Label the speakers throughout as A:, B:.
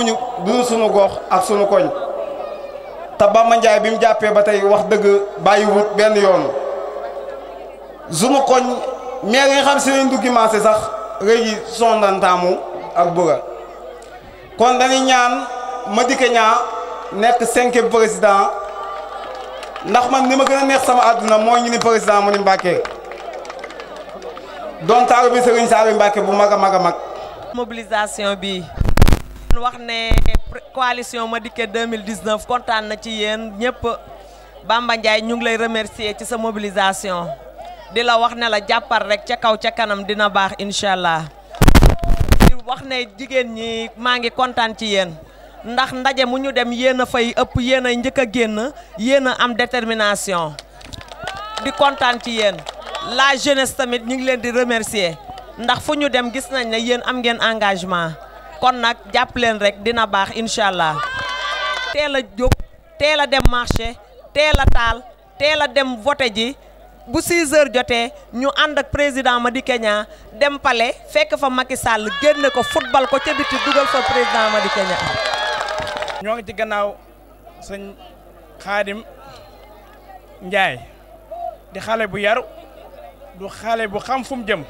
A: amuñu du sunu gox ak sunu koñ te Bamba Ndiaye bi mu jàppee ba tey wax dëgg bàyyiwut benn yoon sunu koñ meer yi nga xam si ne duggi marché sax réegi sondantaamu ak bëgga kon dañuy ñaan Madické Niang nekk cinquième président ndax man ni ma gën a neex sama àdduna mooy ñu ni président mu ni doon taaru bi Serigne Saliou Mbàkke bu mag a mag a mag
B: wax ne coalition ma dikkee 2019 kontaan na ci yéen ñëpp Bamba ñu ngi lay remercier ci sa mobilisation di la wax ne la jàppal rek ca kaw ca kanam dina baax incha allah di wax ne jigéen ñi maa ngi kontaan ci yéen ndax ndaje mu ñu dem yéen a fay ëpp yéen a njëkk a génn yéen a am détermination di kontaan ci yéen la jeunesse tamit ñu ngi leen di remercier ndax fu ñu dem gis nañ ne yéen am ngeen engagement kon nag jàpp leen rek dina baax incha allah teel a jóg teel a dem marché teel a taal teel a dem vote ji bu 6 jotee ñu ànd ak président Madické Niang dem palais fekk fa Macky Sall génne ko football ko ca biti dugal fa président Madické Niang.
A: ñoo ngi ci gannaaw sëñ Xaadim Njaay di xale bu yaru du xale bu xam fu mu jëm.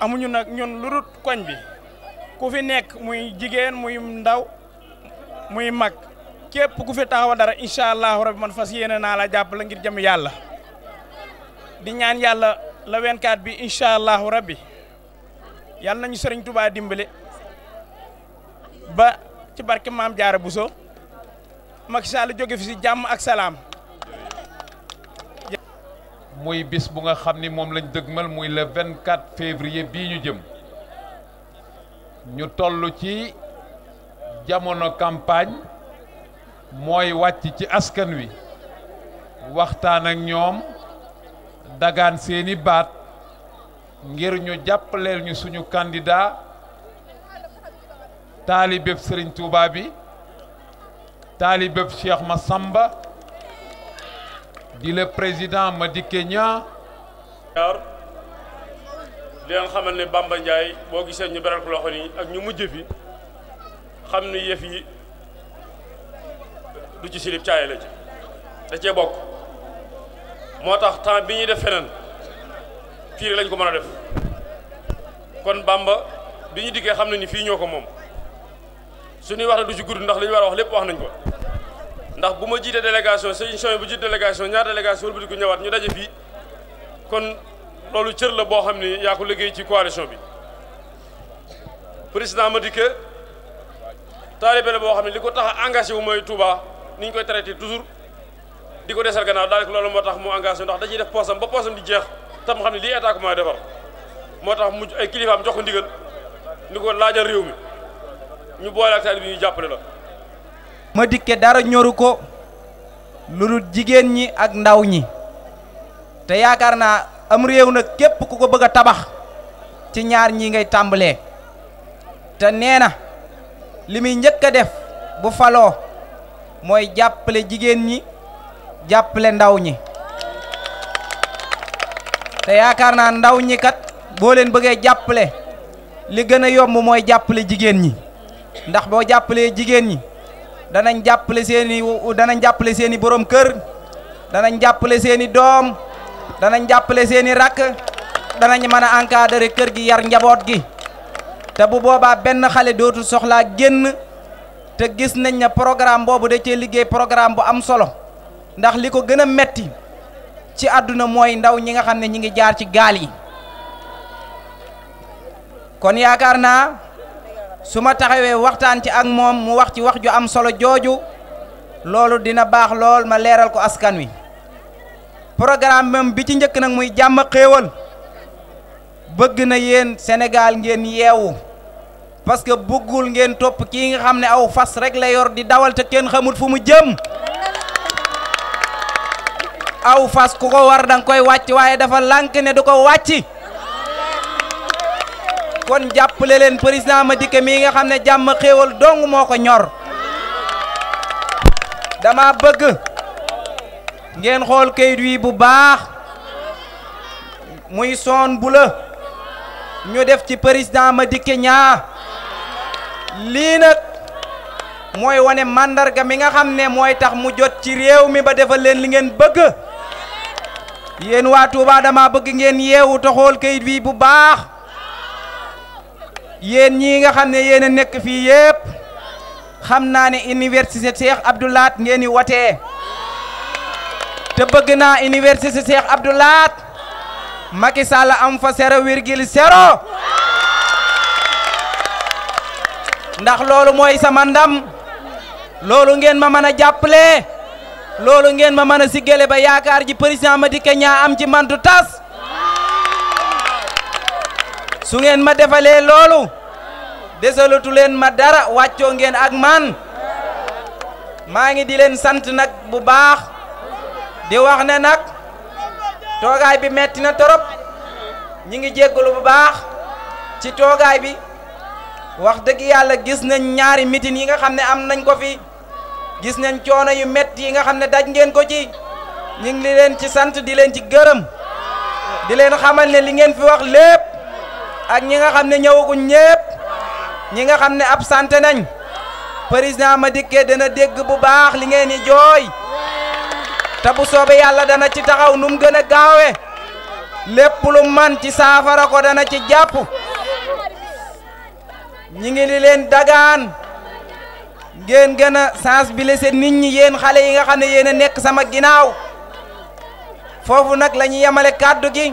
A: amuñu nag ñun lu koñ bi ku fi nekk muy jigéen muy ndaw muy mag képp ku fi taxaw dara incha allahu rabi man fas yéene naa la jàppale ngir jëm yàlla di ñaan yàlla la wenkaat bi incha allahu rabi yàlla nañu sëriñ tubaa dimbali ba ci barke maam jaara buso
C: Macky Sall jóge fi si jàmm ak salaam muy bis bu nga xam ni moom lañ dëgmal muy la 24 février bii ñu jëm ñu toll ci jamono campagne mooy wàcc ci askan wi waxtaan ak ñoom dagaan seeni baat ngir ñu jàppaleel ñu suñu candidat taalibeb Serigne Touba bi taalibeb Cheikh Massamba di le président Madické Niang di leen xamal ne Bamba boo gisee ñu beral ko loxo nii ak ñu mujj fi xam ni yëf yi du ci silib caay la ci da cee bokk moo tax temps bi ñuy def feneen fii lañ ko mën a def kon Bamba bi ñu dikkee xam ne ni fii ñoo ko moom suñuy wax na du ci gudd ndax lañu ñu war a wax lépp wax nañ ko ndax bu ma jiite délégation sëñ Soy bu jiite délégation ñaar délégation wëlbati ku ñëwaat ñu daje fii kon loolu cër la boo xam ni yaa liggéey ci coalition bi président ma dikke taalibe la boo xam ne li ko tax a engagé wu mooy Touba ni ñu koy traité toujours di ko desal gannaaw daanaka loolu moo tax mu engagé ndax dañuy def poosam ba poosam di jeex tam xam ne lii état ko may defar moo tax mu ay kilifaam jox ko ndigal ni ko laajal réew mi ñu boole ak taalibe bi ñu jàppale la.
A: ma dikke dara ñoru ko lu jigéen ñi ak ndaw ñi te yaakaar naa am réew nag képp ku ko bëgg a tabax ci ñaar ñi ngay tàmbalee te nee na li muy njëkk a def bu faloo mooy jàppale jigéen ñi jàppale ndaw ñi te yaakaar naa ndaw ñi kat boo leen bëggee jàppale li gën a yomb mooy jàppale jigéen ñi ndax boo jàppalee jigéen ñi danañ jàppale seen i danañ jàppale seeni i borom kër danañ jàppale seeni doom danañ jàppale seen i rakk danañ mën a encadrer kër gi yar njaboot gi te bu boobaa benn xale dootul soxlaa génn te gis nañ ne programme boobu de cee liggéey programme bu am solo ndax li ko gën a metti ci àdduna mooy ndaw ñi nga xam ne ñi ngi jaar ci gaal yi kon yaakaar naa su ma taxawee waxtaan ci ak moom mu wax ci wax ju am solo jooju loolu dina baax lool ma leeral ko askan wi programme même bi ci njëkk nag muy jàmm xéewal bëgg na yéen Sénégal ngeen yeewu parce que bëggul ngeen topp kii nga xam ne aw fas rek la yor di dawal te kenn xamul fu mu jëm aw fas ku ko war danga koy wàcc waaye dafa lànk ne du ko wàcc kon len president ma Madické mi nga xam ne xéewal dong moko ñor dama bëgg ngeen xol kayit wi bu baax muy son bu la ñu def ci président Madické Niang lii nag mooy wane màndarga mi nga xam moy tax mu jot ci réew mi ba defal len li ngeen bëgg yeen wa Touba dama bëgg ngeen yewu taxol xool kayit wi bu baax Yen ñi nga xamne ne yéen a nekk fii yëpp xam naa université Cheikh abdoulat Lahad ngeen di te bëgg na université Cheikh abdoulat Lahad Macky Sall am fa zéro wirgil zéro ndax loolu moy sama ndam loolu ngeen ma mëna a loolu ngeen ma mëna sigélé ba yaakar ji président Madické am ci mandu tass su ngeen ma defalee loolu desalatu leen ma dara wàccoo ngeen ak man maa ngi di leen sant nag bu baax di wax ne nag toogaay bi metti na torop ñi ngi jéggalu bu baax ci toogaay bi wax dëgg yàlla gis nañ ñaari mitin yi nga xam ne am nañ ko fi gis nañ coono yu metti yi nga xam ne daj ngeen ko ci ñu leen ci sant di leen ci gërëm di leen xamal ne li ngeen fi wax lépp ak ñi nga xam ne ñëwaguñ ñépp ñi nga xam ne absenté nañ président ma dikkee dana dégg bu baax li ngeen ni jooy te bu soobee yàlla dana ci taxaw num mu gën a lépp lu man ci saafara ko dana ci jàpp ñi ngi li leen dagaan ngeen gën a sensibiliser nit ñi yéen xale yi nga xam ne nekk sama ginnaaw foofu nag la ñu yemale gi.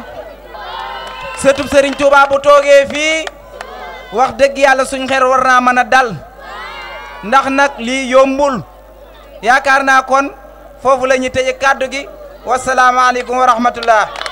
A: sëtub sëriñ Touba bu toogee fii wax dëgg yàlla suñ xel war naa mën a dal ndax nag lii yombul yaakaar naa kon foofu la ñu tëje kàddu gi wasalaamaaleykum wa rahmatullah